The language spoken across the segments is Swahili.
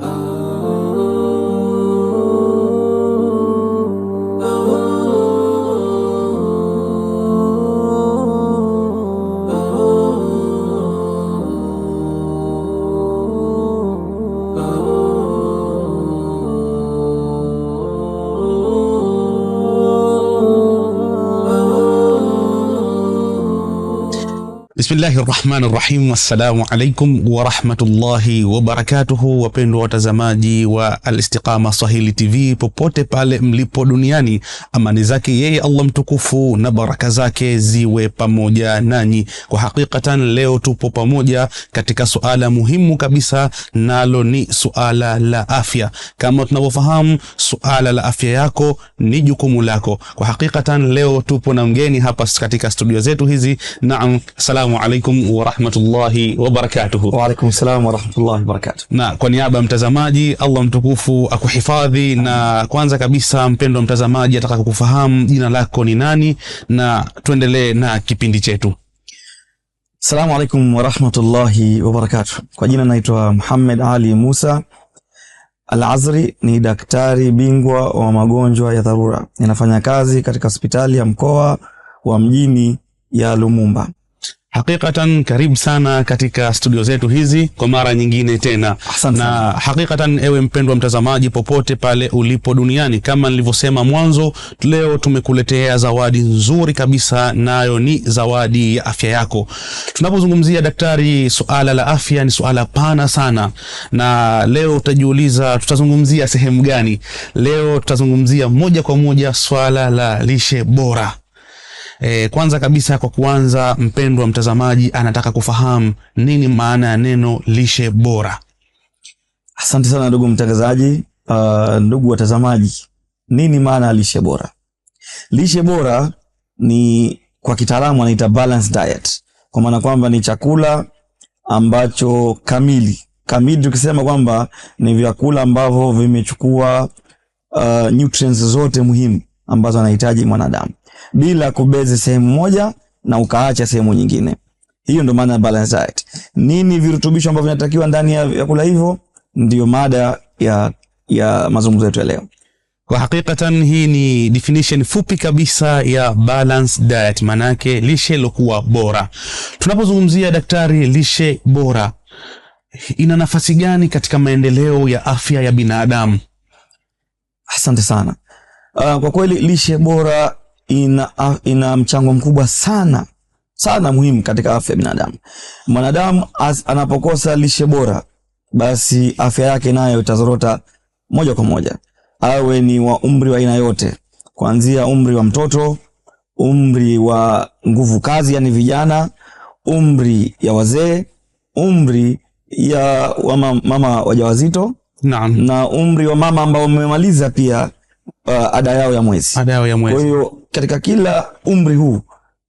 Oh. Bismillahi rahmani rahim. Assalamu alaikum warahmatullahi wabarakatuhu, wapendwa watazamaji wa Alistiqama Swahili TV popote pale mlipo duniani, amani zake yeye Allah mtukufu na baraka zake ziwe pamoja nanyi. Kwa hakikatan, leo tupo pamoja katika suala muhimu kabisa, nalo ni suala la afya. Kama tunavyofahamu, suala la afya yako ni jukumu lako. Kwa hakikatan, leo tupo na mgeni hapa katika studio zetu hizi. Naam, salamu alaikum warahmatullahi wabarakatuhu. Waalaikum salam warahmatullahi wabarakatuh. Na kwa niaba ya mtazamaji, Allah mtukufu akuhifadhi. Na kwanza kabisa, mpendwa mtazamaji, ataka kukufahamu jina lako ni nani, na tuendelee na kipindi chetu. Salamu alaikum warahmatullahi wabarakatuh. Kwa jina naitwa Muhammad Ali Musa Al-Azri ni daktari bingwa wa magonjwa ya dharura. Ninafanya kazi katika hospitali ya mkoa wa mjini ya Lumumba. Hakikatan karibu sana katika studio zetu hizi kwa mara nyingine tena Asante. Na hakikatan, ewe mpendwa mtazamaji, popote pale ulipo duniani, kama nilivyosema mwanzo, leo tumekuletea zawadi nzuri kabisa, nayo ni zawadi ya afya yako. Tunapozungumzia daktari, suala la afya ni suala pana sana, na leo utajiuliza tutazungumzia sehemu gani? Leo tutazungumzia moja kwa moja swala la lishe bora. E, kwanza kabisa kwa kuanza, mpendwa mtazamaji anataka kufahamu nini maana ya neno lishe bora. Asante sana ndugu mtangazaji. Uh, ndugu watazamaji, nini maana ya lishe bora? Lishe bora ni kwa kitaalamu anaita balanced diet, kwa maana kwamba ni chakula ambacho kamili kamili, tukisema kwamba ni vyakula ambavyo vimechukua uh, nutrients zote muhimu ambazo anahitaji mwanadamu bila kubezi sehemu moja na ukaacha sehemu nyingine. Hiyo ndio maana ya balanced diet. Nini virutubisho ambavyo vinatakiwa ndani ya vyakula hivyo? Ndiyo mada ya ya mazungumzo yetu ya leo. Kwa hakikatan hii ni definition fupi kabisa ya balanced diet, manake lishe ilokuwa bora. Tunapozungumzia daktari, lishe bora ina nafasi gani katika maendeleo ya afya ya binadamu? Asante sana. Uh, kwa kweli lishe bora ina, ina mchango mkubwa sana sana muhimu katika afya ya binadamu. Mwanadamu anapokosa lishe bora, basi afya yake nayo itazorota moja kwa moja, awe ni wa umri wa aina yote, kuanzia umri wa mtoto, umri wa nguvu kazi, yani vijana, umri ya wazee, umri ya mama, mama wajawazito, naam, na umri wa mama ambao umemaliza pia uh, ada yao ya mwezi. Ada yao ya mwezi. Kwa hiyo katika kila umri huu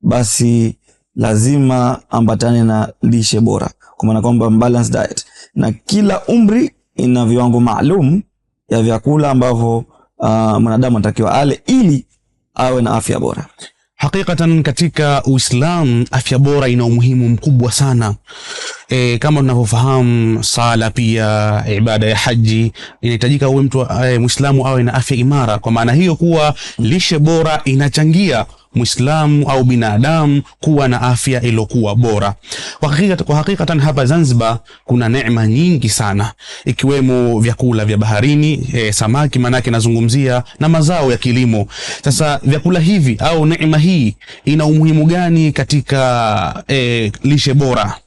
basi lazima ambatane na lishe bora, kwa maana kwamba balanced diet, na kila umri ina viwango maalum ya vyakula ambavyo uh, mwanadamu anatakiwa ale ili awe na afya bora. Hakikatan katika Uislamu afya bora ina umuhimu mkubwa sana e, kama tunavyofahamu sala pia ibada ya haji inahitajika uwe mtu e, Muislamu awe na afya imara. Kwa maana hiyo kuwa lishe bora inachangia Muislamu au binadamu kuwa na afya iliyokuwa bora. Kwa hakika, kwa hakikatan hapa Zanzibar kuna neema nyingi sana ikiwemo vyakula vya baharini e, samaki manake nazungumzia na mazao ya kilimo. Sasa vyakula hivi au neema hii ina umuhimu gani katika e, lishe bora?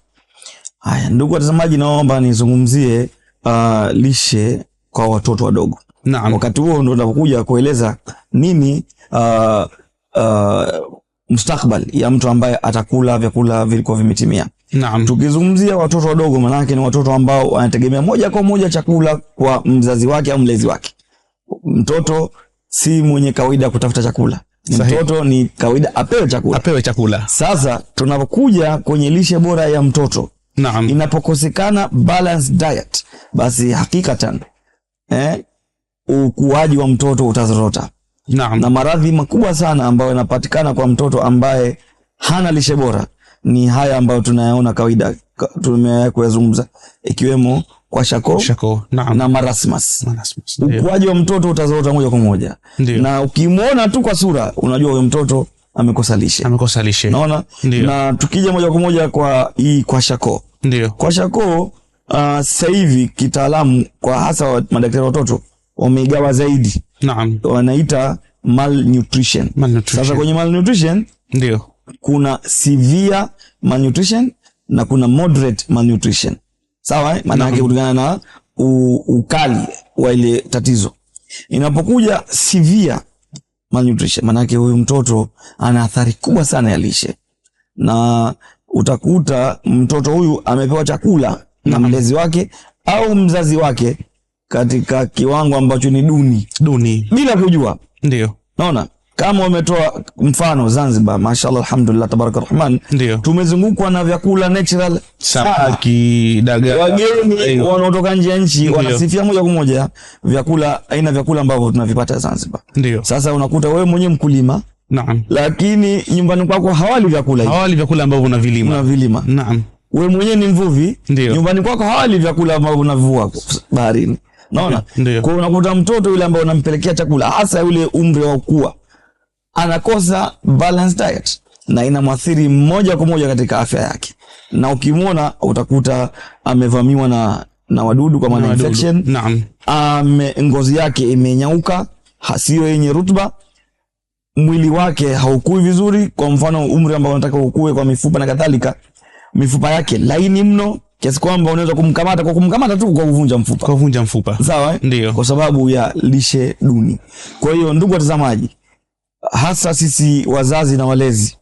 Haya, ndugu watazamaji, naomba nizungumzie uh, lishe kwa watoto wadogo. Naam. Wakati huo ndo nakuja kueleza nini uh, uh, mustakbal ya mtu ambaye atakula vyakula vilikuwa vimetimia. Naam. Tukizungumzia watoto wadogo, maanake ni watoto ambao wanategemea moja kwa moja chakula kwa mzazi wake au mlezi wake. Mtoto si mwenye kawaida kutafuta chakula. Sahi. Mtoto ni kawaida apewe chakula, apewe chakula. Sasa tunapokuja kwenye lishe bora ya mtoto Naam. Inapokosekana balanced diet, basi hakikatan eh, ukuaji wa mtoto utazorota. Naam. Na maradhi makubwa sana ambayo yanapatikana kwa mtoto ambaye hana lishe bora ni haya ambayo tunayaona kawaida tumea kuyazungumza ikiwemo kwa shako, shako na marasmas Marasmus, ukuaji wa mtoto utazorota moja kwa moja, na ukimwona tu kwa sura unajua huyo mtoto amekosa lishe, amekosa lishe. Naona na tukija moja kwa moja kwa hii kwa shako, ndio kwa shako uh, sasa hivi kitaalamu kwa hasa wa, madaktari watoto wameigawa zaidi, naam, wanaita malnutrition. malnutrition. Sasa kwenye malnutrition ndio kuna severe malnutrition na kuna moderate malnutrition, sawa eh? Maana yake kulingana na u, ukali wa ile tatizo. Inapokuja severe malnutrition. Manake huyu mtoto ana athari kubwa sana ya lishe, na utakuta mtoto huyu amepewa chakula na mlezi mm. wake au mzazi wake katika kiwango ambacho ni duni duni bila kujua, ndio naona kama umetoa mfano Zanzibar, mashallah, alhamdulillah, tabaraka rahman, tumezungukwa na vyakula natural, samaki, ah, dagaa. Wageni wanaotoka nje ya nchi wanasifia moja kwa moja vyakula, aina vyakula ambavyo tunavipata Zanzibar. Ndio sasa unakuta wewe mwenyewe mkulima Naam. Lakini nyumbani kwako hawali vyakula hivi. Hawali vyakula ambavyo unavilima. Unavilima. Naam. Wewe mwenyewe ni mvuvi. Nyumbani kwako hawali vyakula ambavyo unavua baharini. Naona? Kwa unakuta mtoto yule ambaye unampelekea chakula hasa yule umri wa kukua anakosa balanced diet na inamwathiri moja kwa moja katika afya yake, na ukimwona utakuta amevamiwa na na wadudu kwa maana infection. Naam, ame ngozi yake imenyauka, hasiyo yenye rutuba, mwili wake haukui vizuri. Kwa mfano umri ambao unataka ukue kwa mifupa na kadhalika, mifupa yake laini mno kiasi kwamba unaweza kumkamata kwa kumkamata tu kwa kuvunja mfupa, kwa kuvunja mfupa. Sawa, eh? Ndio, kwa sababu ya lishe duni. Kwa hiyo ndugu watazamaji hasa sisi wazazi na walezi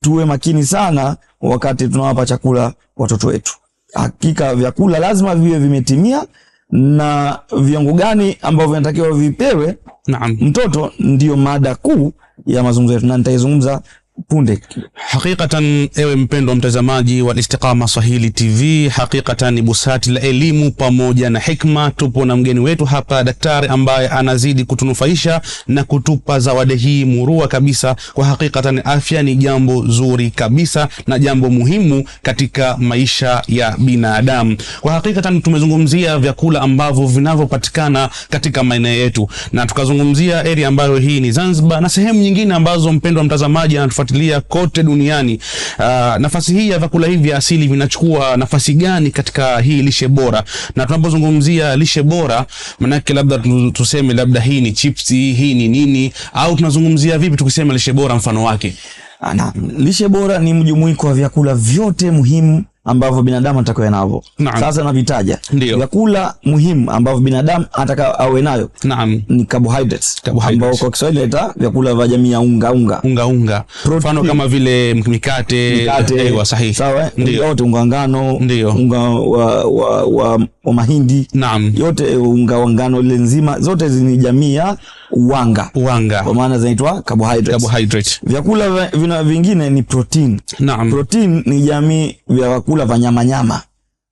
tuwe makini sana wakati tunawapa chakula watoto wetu. Hakika vyakula lazima viwe vimetimia na viungo gani ambavyo vinatakiwa vipewe Naam. mtoto, ndiyo mada kuu ya mazungumzo yetu na nitaizungumza punde. Hakikatan ewe mpendwa mtazamaji wa Istiqama Swahili TV, hakikatan ni busati la elimu pamoja na hikma. Tupo na mgeni wetu hapa, daktari ambaye anazidi kutunufaisha na kutupa zawadi hii murua kabisa. Kwa hakikatan, afya ni jambo zuri kabisa na jambo muhimu katika maisha ya binadamu. Kwa hakikatan, tumezungumzia vyakula ambavyo vinavyopatikana katika maeneo yetu na tukazungumzia area ambayo hii ni Zanzibar na sehemu nyingine ambazo mpendwa mtazamaji anatufa kufuatilia kote duniani. Uh, nafasi hii ya vyakula hivi vya asili vinachukua nafasi gani katika hii lishe bora? Na tunapozungumzia lishe bora, manake labda tuseme labda hii ni chipsi, hii ni nini, au tunazungumzia vipi tukisema lishe bora mfano wake? Ah, Na lishe bora ni mjumuiko wa vyakula vyote muhimu ambavyo binadamu atakuwa navyo. Sasa navitaja vyakula muhimu ambavyo binadamu ataka awe nayo naam, ni carbohydrates, ambao kwa Kiswahili inaita vyakula vya jamii ya unga unga unga unga, mfano kama vile mikate, mikate wa sahihi, sawa, yote unga ngano, unga wa, wa, wa, wa mahindi, naam, yote unga wa ngano ile nzima, zote ni jamii ya wanga, wanga kwa maana zinaitwa carbohydrates. Carbohydrate. Vyakula vina vingine ni protein. Naam. Protein ni jamii vya vyakula vya nyama nyama.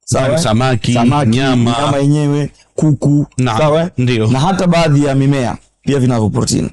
Sawa? Samaki, samaki, nyama, nyama yenyewe, kuku, Sawa? Ndio. Na hata baadhi ya mimea pia vinavyo protein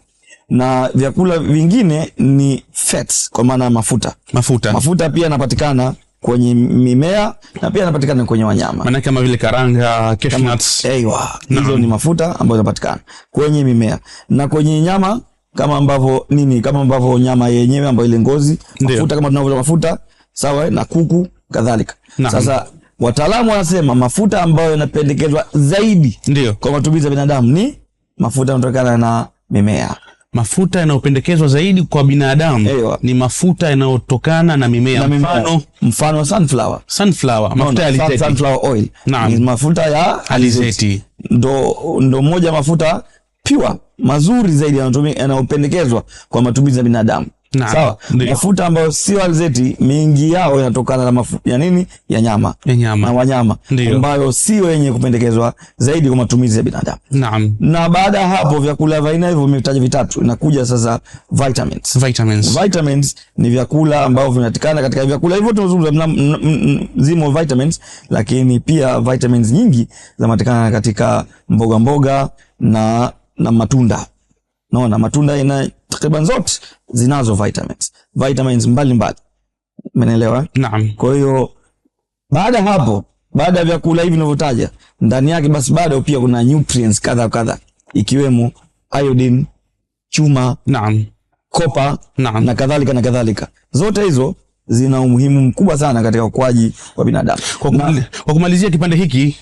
na vyakula vingine ni fats kwa maana mafuta. Mafuta, mafuta pia yanapatikana kwenye mimea na pia yanapatikana kwenye wanyama, maana kama vile karanga, cashews. Aiywa, hizo ni mafuta ambayo yanapatikana kwenye mimea na kwenye nyama kama ambavyo nini, kama ambavyo nyama yenyewe ambayo ile ngozi, mafuta kama tunavyo mafuta sawa, na kuku kadhalika. Sasa wataalamu wanasema mafuta ambayo yanapendekezwa zaidi Ndiyo. kwa matumizi ya binadamu ni mafuta yanayotokana na mimea mafuta yanayopendekezwa zaidi kwa binadamu ni mafuta yanayotokana na mimea, mfano mfano sunflower sunflower mafuta no, no, ya alizeti sunflower oil naam, mafuta ya alizeti ndo ndo moja mafuta pure mazuri zaidi yanayopendekezwa kwa matumizi ya binadamu. Na, sawa mafuta ambayo sio alizeti, mingi yao yanatokana na mafuta ya nini ya nyama, ya nyama na wanyama ambayo sio yenye kupendekezwa zaidi kwa matumizi ya binadamu. Naam. Na baada ya hapo vyakula vya aina hivyo vimetaja vitatu, inakuja sasa vitamins. Vitamins, vitamins ni vyakula ambavyo vinatikana katika vyakula hivyo tunazungumza, zimo vitamins, lakini pia vitamins nyingi zinapatikana katika mboga mboga na na matunda. Naona matunda ina takriban zote zinazo vitamins vitamins mbalimbali umeelewa naam kwa hiyo baada hapo baada ya vyakula hivi ninavyotaja ndani yake basi bado pia kuna nutrients kadha kadha ikiwemo iodine chuma naam kopa naam. na kadhalika na kadhalika zote hizo zina umuhimu mkubwa sana katika ukuaji wa binadamu kwa, kumali, kwa kumalizia kipande hiki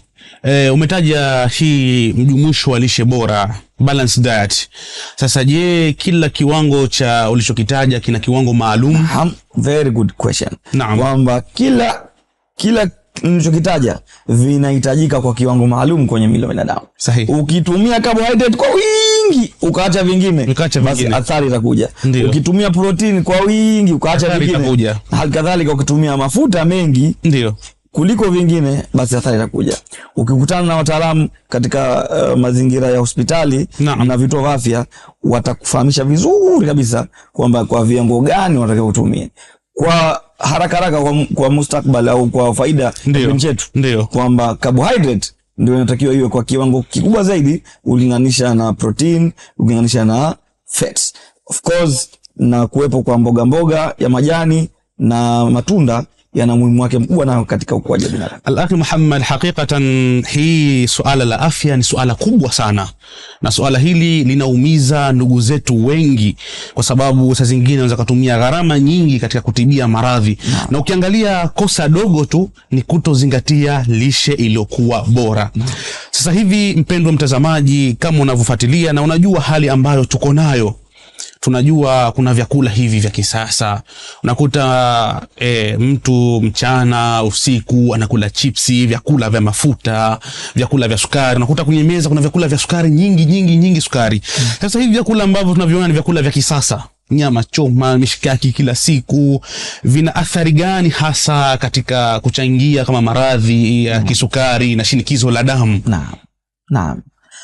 e, umetaja hii mjumuisho wa lishe bora balanced diet. Sasa je, kila kiwango cha ulichokitaja kina kiwango maalum? Very good question. Naam. Kwamba kila kila nilichokitaja vinahitajika kwa kiwango maalum kwenye mwili wa binadamu. Sahihi. Ukitumia carbohydrate kwa wingi ukaacha vingine, ukaacha basi athari itakuja. Ukitumia protini kwa wingi ukaacha vingine, halikadhalika ukitumia mafuta mengi, ndio kuliko vingine, basi athari itakuja. Ukikutana na wataalamu katika uh, mazingira ya hospitali na, na vituo vya afya, watakufahamisha vizuri kabisa kwamba kwa viungo gani wanatakiwa kutumia kwa haraka haraka, kwa, kwa mustakbal au kwa faida kipindi chetu, kwamba carbohydrate ndio inatakiwa iwe kwa kiwango kikubwa zaidi ulinganisha na protein, ulinganisha na fats of course, na kuwepo kwa mboga mboga ya majani na matunda yana muhimu wake mkubwa nayo katika ukuaji wa binadamu. al Muhammad, hakikatan hii suala la afya ni suala kubwa sana, na suala hili linaumiza ndugu zetu wengi, kwa sababu saa zingine wanaweza kutumia gharama nyingi katika kutibia maradhi na, na ukiangalia kosa dogo tu ni kutozingatia lishe iliyokuwa bora na. Sasa hivi mpendwa mtazamaji, kama unavyofuatilia na unajua hali ambayo tuko nayo tunajua kuna vyakula hivi vya kisasa unakuta e, mtu mchana usiku anakula chipsi vyakula vya mafuta vyakula vya sukari unakuta kwenye meza kuna vyakula vya sukari nyingi nyingi nyingi sukari hmm. sasa hivi vyakula ambavyo tunavyoona ni vyakula vya kisasa nyama choma, mishikaki kila siku, vina athari gani hasa katika kuchangia kama maradhi ya mm. kisukari na shinikizo la damu? Naam, naam.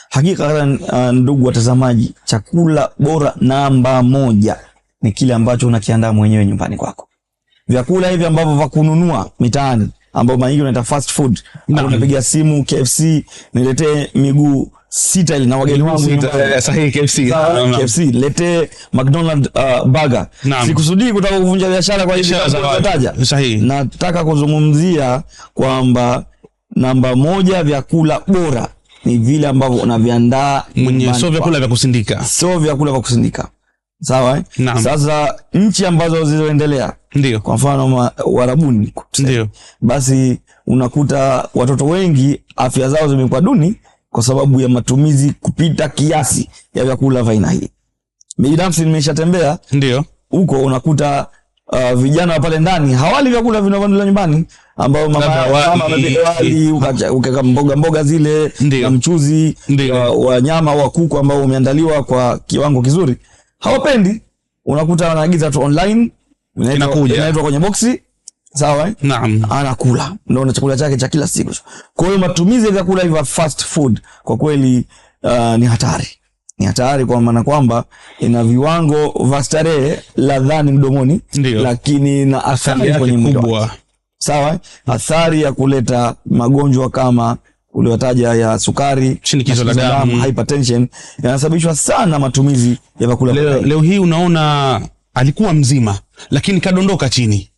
Hakika uh, ndugu watazamaji, chakula bora namba moja ni kile ambacho unakiandaa mwenyewe nyumbani kwako. Vyakula hivi ambavyo vya kununua mitaani ambao mara nyingi unaita fast food, unapiga simu KFC, niletee miguu sita ile na wageni wangu eh, sahihi KFC, KFC letee McDonald's uh, ah, burger. Sikusudii kutaka kuvunja biashara kwa hivi nataja, sahihi, nataka kuzungumzia kwamba namba moja vyakula bora ni vile ambavyo unaviandaa mwenyewe, sio vyakula vya kusindika, sio vyakula vya kusindika. Sawa eh? Sasa nchi ambazo zilizoendelea ndio, kwa mfano warabuni ndio, basi unakuta watoto wengi afya zao zimekuwa duni kwa sababu ya matumizi kupita kiasi ya vyakula vya aina hii. Binafsi nimeshatembea ndio huko unakuta uh, vijana wa pale ndani hawali vyakula vinavyoandaliwa nyumbani ambao mama mama wali ukaka mboga mboga zile Ndiyo. na mchuzi wa, wa nyama wa kuku ambao umeandaliwa kwa kiwango kizuri hawapendi unakuta anaagiza tu online inakuja inaitwa kwenye boksi sawa eh? naam anakula ndio na chakula chake cha kila siku kwa hiyo matumizi ya vyakula hivyo fast food kwa kweli uh, ni hatari ni hatari kwa maana kwamba ina viwango vya starehe ladhani mdomoni Ndiyo. lakini na athari kwenye mwili sawa athari ya kuleta magonjwa kama uliotaja ya sukari, shinikizo la damu, hypertension yanasababishwa sana matumizi ya vyakula. Leo, leo hii unaona alikuwa mzima lakini kadondoka chini.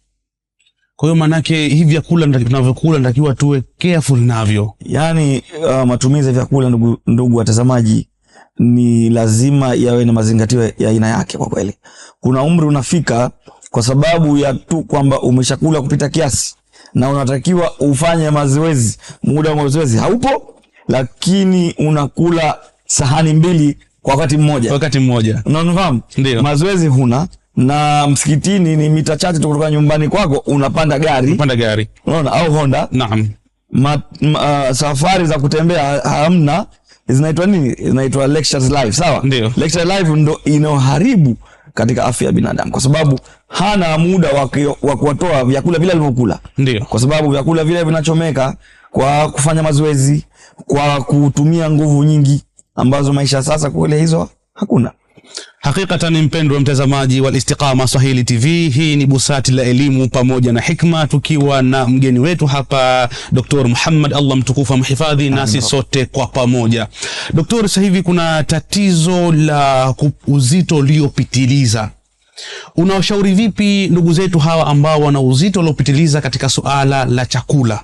Kwa hiyo maanake hivi vyakula tunavyokula natakiwa tuwe careful navyo. Yaani uh, matumizi ya vyakula ndugu, ndugu watazamaji ni lazima yawe na mazingatio ya aina yake. Kwa kweli, kuna umri unafika kwa sababu ya tu kwamba umeshakula kupita kiasi na unatakiwa ufanye mazoezi. Muda wa mazoezi haupo, lakini unakula sahani mbili kwa wakati mmoja, wakati mmoja. unanifahamu? ndio mazoezi huna na msikitini ni mita chache tu kutoka nyumbani kwako, unapanda gari, unapanda gari, unaona au Honda. Naam. Ma, ma, uh, safari za kutembea hamna zinaitwa nini? Zinaitwa lectures live, sawa? Ndio. Lecture live ndo inaoharibu katika afya ya binadamu, kwa sababu hana muda wa kuwatoa vyakula vile alivyokula. Ndio. Kwa sababu vyakula vile vinachomeka kwa kufanya mazoezi, kwa kutumia nguvu nyingi ambazo maisha sasa kule hizo hakuna. Hakikatan mpendwa mtazamaji wa Istiqama Swahili TV, hii ni busati la elimu pamoja na hikma, tukiwa na mgeni wetu hapa Dr. Muhammad, Allah mtukufu amhifadhi, nasi sote kwa pamoja. Dr. sasa hivi kuna tatizo la uzito uliopitiliza Unawashauri vipi ndugu zetu hawa ambao wana uzito uliopitiliza katika suala la chakula?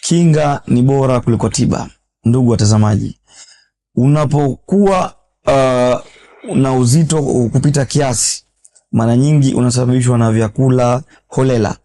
Kinga ni bora kuliko tiba, ndugu watazamaji. Unapokuwa uh, na uzito kupita kiasi mara nyingi unasababishwa na vyakula holela.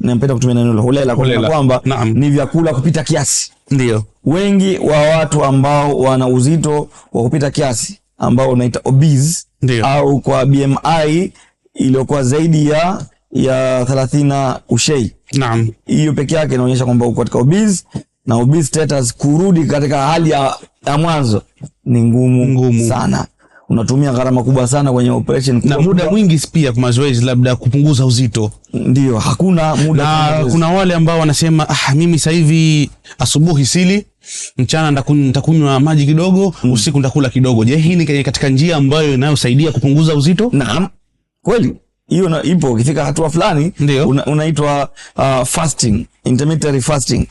Napenda kutumia neno la holela kwa kwamba ni vyakula kupita kiasi. Ndio wengi wa watu ambao wana uzito wa kupita kiasi ambao unaita obese, ndiyo, au kwa BMI iliyokuwa zaidi ya ya thelathini na ushei. Naam, hiyo peke yake inaonyesha kwamba uko katika obese na obese status, kurudi katika hali ya, ya mwanzo ni ngumu, ngumu sana unatumia gharama kubwa sana kwenye operation kubwa, na muda mwingi pia kwa mazoezi, labda kupunguza uzito, ndio hakuna muda na kuna wale ambao wanasema ah, mimi sasa hivi asubuhi sili mchana nitakunywa maji kidogo mm. usiku nitakula kidogo. Je, hii ni katika njia ambayo inayosaidia kupunguza uzito? Naam, kweli hiyo ipo. Ukifika hatua fulani unaitwa una uh, fasting intermittent fasting,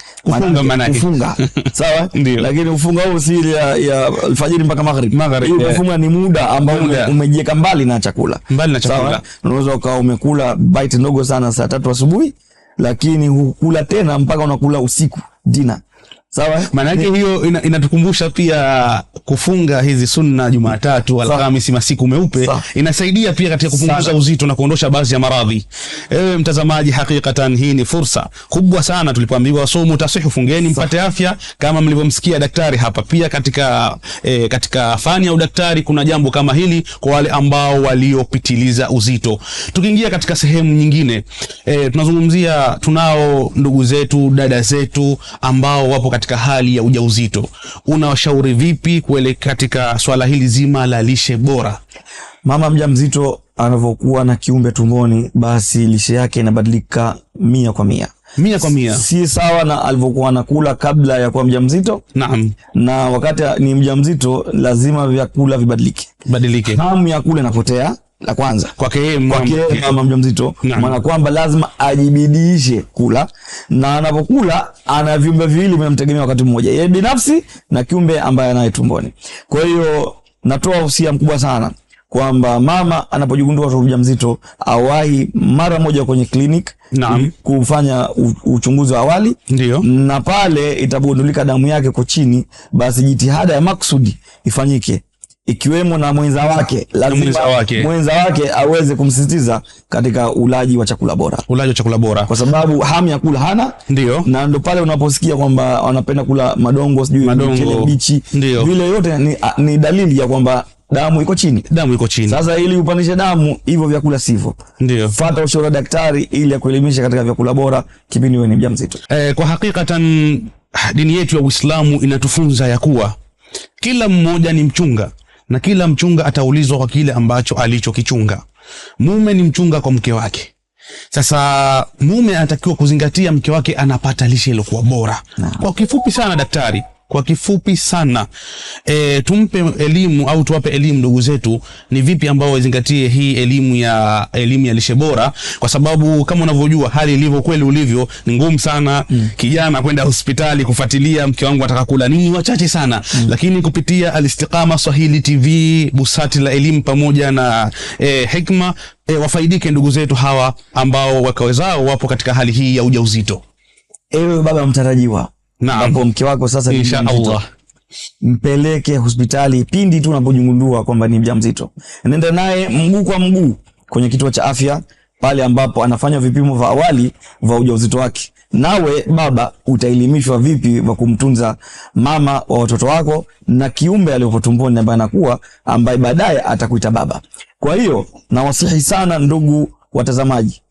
maana kufunga sawa. Lakini ufunga huo si ya, ya alfajiri mpaka maghrib. Maghrib unafunga ni muda ambao umejiweka mbali na chakula, mbali na chakula. Unaweza ukawa umekula bite ndogo sana saa tatu asubuhi, lakini hukula tena mpaka unakula usiku dinner sawa maanake hiyo inatukumbusha ina, pia kufunga hizi sunna jumatatu alhamisi masiku meupe sawa. inasaidia pia katika kupunguza sana. uzito na kuondosha baadhi ya maradhi ewe mtazamaji hakikatan hii ni fursa kubwa sana tulipoambiwa somu tasihu fungeni mpate afya kama mlivyomsikia daktari hapa pia katika e, katika fani ya udaktari kuna jambo kama hili kwa wale ambao waliopitiliza uzito tukiingia katika sehemu nyingine e, tunazungumzia tunao ndugu zetu dada zetu ambao wapo katika katika hali ya ujauzito, unawashauri vipi kuele katika swala hili zima la lishe bora? Mama mjamzito anavyokuwa na kiumbe tumboni, basi lishe yake inabadilika mia kwa mia mia kwa mia, si sawa na alivyokuwa anakula kabla ya kuwa mjamzito. Naam, na wakati ni mjamzito lazima vyakula vibadilike, badilike, hamu ya kula inapotea la kwanza kwake yeye mama mjamzito, maana kwamba lazima ajibidiishe kula, na anapokula ana viumbe viwili vinamtegemea wakati mmoja, yeye binafsi na kiumbe ambaye anaye tumboni. Kwa hiyo natoa usia mkubwa sana kwamba mama anapojigundua mtoto mjamzito awahi mara moja kwenye naam, kufanya uchunguzi wa awali, ndio na pale itagundulika damu yake ko chini, basi jitihada ya maksudi ifanyike ikiwemo na mwenza wake lazima mwenza wake, mwenza wake aweze kumsisitiza katika ulaji wa chakula bora, ulaji wa chakula bora, kwa sababu hamu ya kula hana. Ndio, na ndo pale unaposikia kwamba wanapenda kula madongo, sijui madongo bichi, vile yote ni, ni dalili ya kwamba damu iko chini, damu iko chini. Sasa ili upandishe damu, hivyo vyakula sivyo. Ndio, fuata ushauri wa daktari ili akuelimishe katika vyakula bora kipindi wewe ni mjamzito. Eh, kwa hakika tan dini yetu ya Uislamu inatufunza ya kuwa kila mmoja ni mchunga na kila mchunga ataulizwa kwa kile ambacho alichokichunga. Mume ni mchunga kwa mke wake. Sasa mume anatakiwa kuzingatia mke wake anapata lishe iliyokuwa bora. Kwa kifupi sana, daktari kwa kifupi sana e, tumpe elimu au tuwape elimu ndugu zetu, ni vipi ambao wazingatie hii elimu ya elimu ya lishe bora, kwa sababu kama unavyojua hali ilivyo kweli ulivyo ni ngumu sana mm. kijana kwenda hospitali kufuatilia mke wangu ataka kula nini, wachache sana mm. lakini kupitia Alistiqama Swahili TV, busati la elimu pamoja na e, hikma e, wafaidike ndugu zetu hawa ambao wakawezao wapo katika hali hii ya ujauzito. Ewe baba mtarajiwa ambapo mke wako sasa insha Allah mpeleke hospitali pindi tu unapojungundua kwamba ni mjamzito. Nenda naye mguu kwa mguu kwenye kituo cha afya pale ambapo anafanya vipimo vya awali vya ujauzito wake. Nawe baba utaelimishwa vipi vya kumtunza mama wa watoto wako na kiumbe aliyopo tumboni ambaye anakuwa ambaye baadaye atakuita baba. Kwa hiyo nawasihi sana ndugu watazamaji,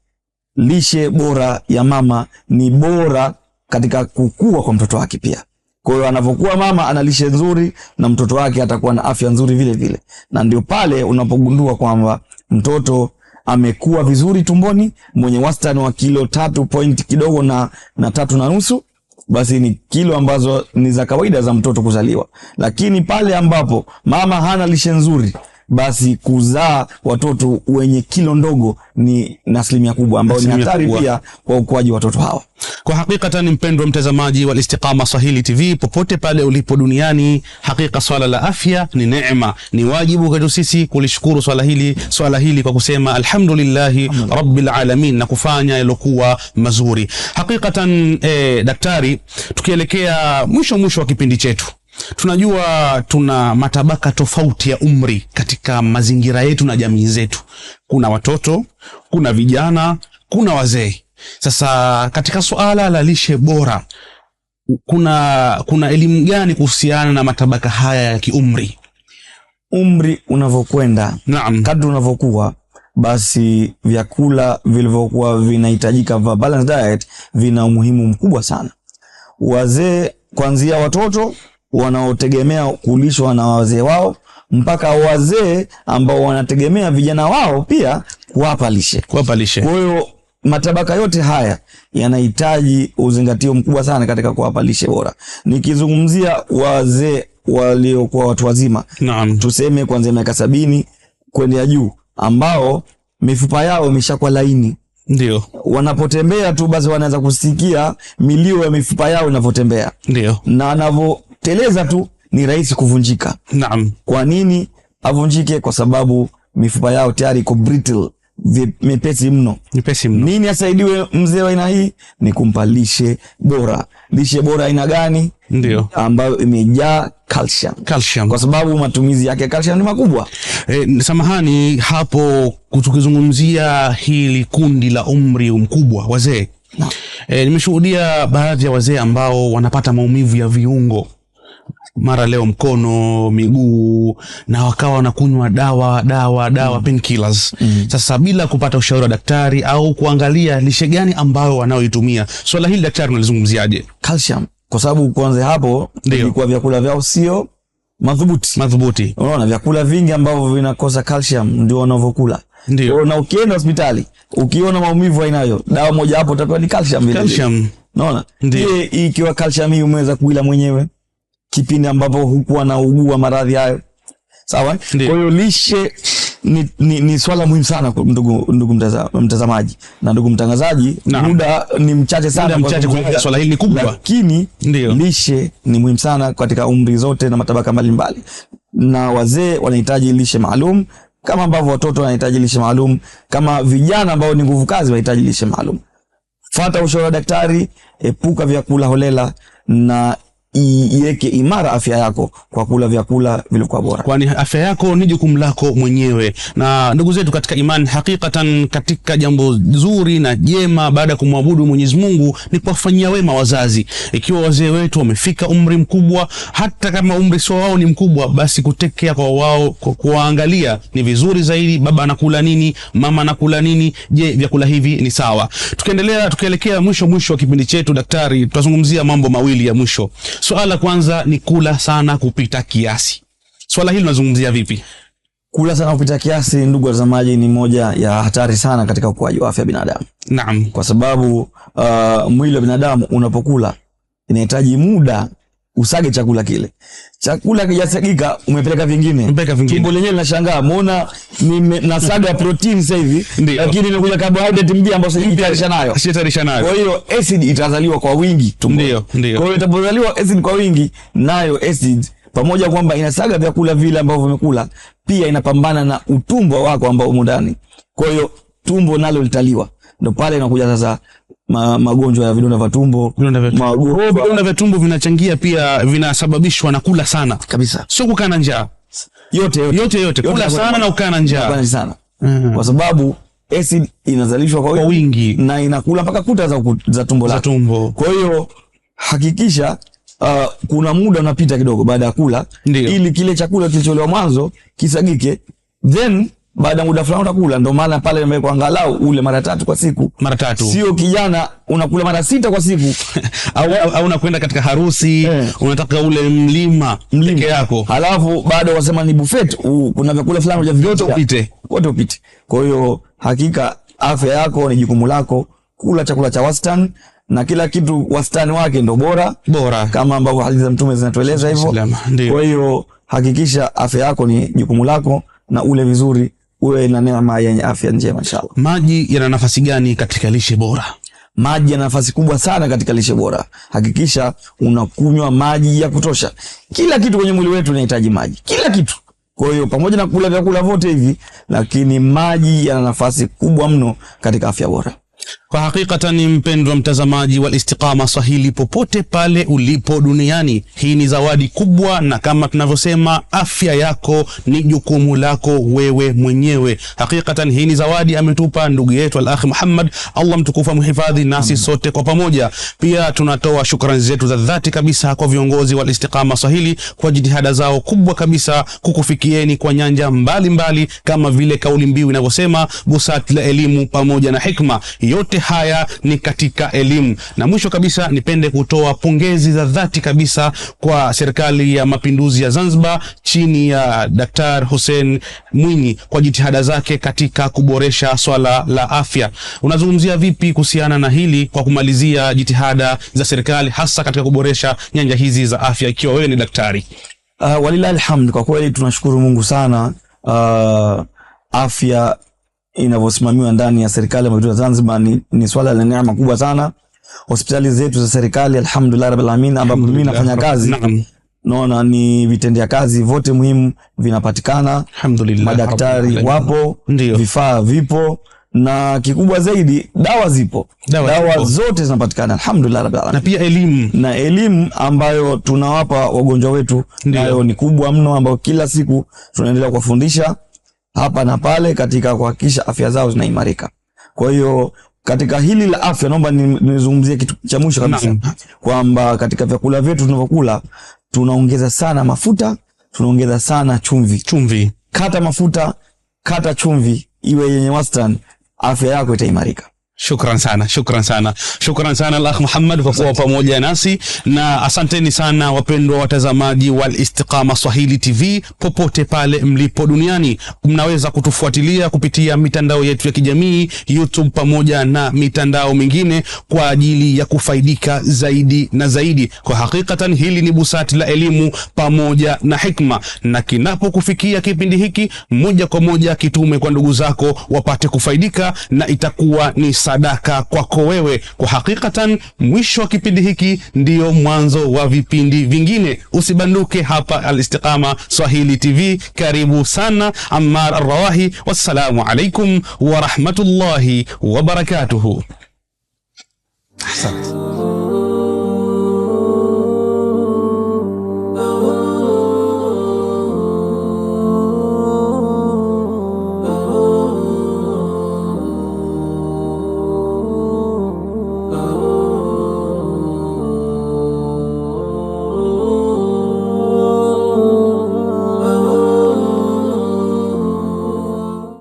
lishe bora ya mama ni bora katika kukua kwa mtoto wake pia. Kwa hiyo anapokuwa mama ana lishe nzuri na mtoto wake atakuwa na afya nzuri vile vile, na ndio pale unapogundua kwamba mtoto amekuwa vizuri tumboni, mwenye wastani wa kilo tatu point kidogo na, na tatu na nusu basi ni kilo ambazo ni za kawaida za mtoto kuzaliwa. Lakini pale ambapo mama hana lishe nzuri, basi kuzaa watoto wenye kilo ndogo ni na asilimia kubwa ambayo ni hatari pia kwa ukuaji wa watoto hawa. Kwa hakikatan, mpendwa mtazamaji wa Istiqama Swahili TV, popote pale ulipo duniani, hakika swala la afya ni neema, ni wajibu kwetu sisi kulishukuru swala hili, swala hili kwa kusema alhamdulillahi rabbil alamin na kufanya yalokuwa mazuri hakikatan. Eh, daktari, tukielekea mwisho mwisho wa kipindi chetu Tunajua tuna matabaka tofauti ya umri katika mazingira yetu na jamii zetu. Kuna watoto, kuna vijana, kuna wazee. Sasa katika suala la lishe bora, kuna kuna elimu gani kuhusiana na matabaka haya ya kiumri? Umri unavyokwenda, kadri unavyokuwa basi vyakula vilivyokuwa vinahitajika diet vina umuhimu mkubwa sana. Wazee kwanzia watoto wanaotegemea kulishwa na wazee wao mpaka wazee ambao wanategemea vijana wao pia kuwapa lishe, kuwapa lishe. Kwa hiyo matabaka yote haya yanahitaji uzingatio mkubwa sana katika kuwapa lishe bora. Nikizungumzia wazee waliokuwa watu wazima, naam, tuseme kuanzia miaka sabini kwenda juu, ambao mifupa yao imeshakuwa laini ndio wanapotembea tu basi wanaweza kusikia milio ya mifupa yao inavyotembea, ndio na anavyo teleza tu ni rahisi kuvunjika. Naam. Kwa nini avunjike? Kwa sababu mifupa yao tayari iko brittle mepesi mno. Mepesi mno. Nini asaidiwe mzee wa aina hii? Ni kumpa lishe bora. Lishe bora aina gani? Ndio. Ambayo imejaa calcium. Calcium. Kwa sababu matumizi yake calcium ni makubwa. E, samahani hapo tukizungumzia hili kundi la umri mkubwa wazee. E, nimeshuhudia baadhi ya wazee ambao wanapata maumivu ya viungo mara leo mkono miguu na wakawa wanakunywa dawa dawa dawa mm. painkillers mm. sasa bila kupata ushauri wa daktari au kuangalia lishe gani ambayo wanaoitumia swala so, hili daktari unalizungumziaje calcium kwa sababu kuanzia hapo ilikuwa vyakula vyao sio madhubuti madhubuti unaona vyakula vingi ambavyo vinakosa calcium ndio wanavyokula ndio na ukienda hospitali ukiona maumivu aina hiyo dawa moja hapo utapewa ni calcium calcium unaona ndio ikiwa calcium hii umeweza kuila mwenyewe kipindi ambapo hukuwa na ugua maradhi hayo. Sawa. Kwa hiyo lishe ni, ni, ni swala muhimu sana ndugu, ndugu mtazamaji na ndugu mtangazaji. Muda ni mchache sana, mchache kwa swala hili kubwa, lakini ndiyo, lishe ni muhimu sana katika umri zote na matabaka mbalimbali, na wazee wanahitaji lishe maalum kama ambavyo watoto wanahitaji lishe maalum, kama vijana ambao ni nguvu kazi wanahitaji lishe maalum. Fata ushauri wa daktari, epuka vyakula holela na iweke imara afya yako kwa kula vyakula vilikuwa bora, kwani afya yako ni jukumu lako mwenyewe. Na ndugu zetu katika imani, hakikatan katika jambo zuri na jema baada ya kumwabudu Mwenyezi Mungu ni kuwafanyia wema wazazi. Ikiwa wazee wetu wamefika umri mkubwa, hata kama umri sio wao ni mkubwa, basi kutekea kwa wao, kuwaangalia ni vizuri zaidi. Baba anakula nini? Mama anakula nini? Je, vyakula hivi ni sawa? Tukiendelea, tukielekea mwisho mwisho wa kipindi chetu, daktari, tutazungumzia mambo mawili ya mwisho Swala la kwanza ni kula sana kupita kiasi. Swala hili unazungumzia vipi? Kula sana kupita kiasi, ndugu watazamaji, ni moja ya hatari sana katika ukuaji wa afya ya binadamu. Naam, kwa sababu uh, mwili wa binadamu unapokula inahitaji muda usage chakula kile. Chakula kijasagika, umepeleka vingine. Tumbo lenyewe linashangaa, muona nasaga protein sasa hivi, lakini nimekuja carbohydrate mpya ambazo sijitarisha nayo. sijitarisha nayo. Kwa hiyo acid itazaliwa kwa wingi tumbo Ndio, ndio. Kwa hiyo itapozaliwa acid kwa wingi, nayo acid pamoja kwamba inasaga vyakula vile ambavyo vimekula, pia inapambana na utumbo wako ambao umo ndani. Kwa hiyo tumbo nalo litaliwa. Ndio pale inakuja sasa ma, magonjwa ya vidonda vya tumbo, vidonda vya tumbo. Vidonda vya tumbo vinachangia pia, vinasababishwa na kula sana kabisa, sio kukaa na njaa yote yote, yote, yote. Kula yote sana na ukaa na njaa sana mm. kwa sababu acid inazalishwa kwa wingi na inakula mpaka kuta za, za tumbo za tumbo. Kwa hiyo hakikisha Uh, kuna muda unapita kidogo baada ya kula, ili kile chakula kilicholewa mwanzo kisagike, then baada muda fulani utakula. Ndio maana pale nimekuwa angalau ule mara tatu kwa siku, mara tatu. Sio kijana unakula mara sita kwa siku au, au unakwenda katika harusi eh, unataka ule mlima mlima yako, halafu baada wasema ni buffet, kuna vyakula fulani vya vyote upite wote upite. Kwa hiyo hakika afya yako ni jukumu lako, kula chakula cha wastani na kila kitu wastani wake ndo bora bora, kama ambavyo hadithi za Mtume zinatueleza hivyo. Kwa hiyo hakikisha afya yako ni jukumu lako na ule vizuri uwe na neema yenye afya njema inshallah. Maji yana nafasi gani katika lishe bora? Maji yana nafasi kubwa sana katika lishe bora. Hakikisha unakunywa maji ya kutosha. Kila kitu kwenye mwili wetu inahitaji maji, kila kitu. Kwa hiyo pamoja na kula vyakula vyote hivi, lakini maji yana nafasi kubwa mno katika afya bora. Kwa hakika ni mpendwa mtazamaji wa Istiqama Swahili, popote pale ulipo duniani, hii ni zawadi kubwa, na kama tunavyosema, afya yako ni jukumu lako wewe mwenyewe. Hakikatan hii ni zawadi ametupa ndugu yetu al-akhi Muhammad, Allah mtukufu amhifadhi nasi sote kwa pamoja. Pia tunatoa shukrani zetu za dhati kabisa kwa viongozi wa Istiqama Swahili kwa jitihada zao kubwa kabisa kukufikieni kwa nyanja mbalimbali mbali, kama vile kauli mbiu inavyosema busati la elimu pamoja na hikma yote haya ni katika elimu. Na mwisho kabisa, nipende kutoa pongezi za dhati kabisa kwa serikali ya mapinduzi ya Zanzibar chini ya Daktari Hussein Mwinyi kwa jitihada zake katika kuboresha swala la afya. Unazungumzia vipi kuhusiana na hili kwa kumalizia jitihada za serikali hasa katika kuboresha nyanja hizi za afya, ikiwa wewe ni daktari? Uh, walilahi alhamd, kwa kweli tunashukuru Mungu sana. Uh, afya inavyosimamiwa ndani ya serikali ya mapinduzi ya Zanzibar ni, ni swala la neema kubwa sana. Hospitali zetu za serikali alhamdulillah rabbil alamin, ambapo mimi nafanya kazi naona ni vitendea kazi vyote muhimu vinapatikana, alhamdulillah, madaktari wapo, vifaa vipo na kikubwa zaidi dawa zipo, dawa, dawa zipo. zote zinapatikana alhamdulillah rabbil alamin, na pia elimu na elimu ambayo tunawapa wagonjwa wetu nayo ni kubwa mno, ambayo kila siku tunaendelea kuwafundisha hapa na pale katika kuhakikisha afya zao zinaimarika. Kwa hiyo katika hili la afya naomba nizungumzie kitu cha mwisho kabisa kwamba katika vyakula vyetu tunavyokula tunaongeza sana mafuta, tunaongeza sana chumvi. Chumvi, kata mafuta, kata chumvi, iwe yenye wastani, afya yako itaimarika. Shukran sana, shukran sana, shukran sana Al-Akh Muhammad kwa kuwa pamoja nasi na asanteni sana wapendwa watazamaji wa istiqama Swahili TV popote pale mlipo duniani. Mnaweza kutufuatilia kupitia mitandao yetu ya kijamii YouTube pamoja na mitandao mingine kwa ajili ya kufaidika zaidi na zaidi. Kwa hakikatan, hili ni busati la elimu pamoja na hikma, na kinapokufikia kipindi hiki, moja kwa moja kitume kwa ndugu zako wapate kufaidika, na itakuwa ni sadaka kwako wewe. Kwa hakikatan, mwisho wa kipindi hiki ndio mwanzo wa vipindi vingine. Usibanduke hapa alistiqama Swahili TV, karibu sana. Ammar Arrawahi, wassalamu alaikum warahmatullahi wabarakatuhu. Asante.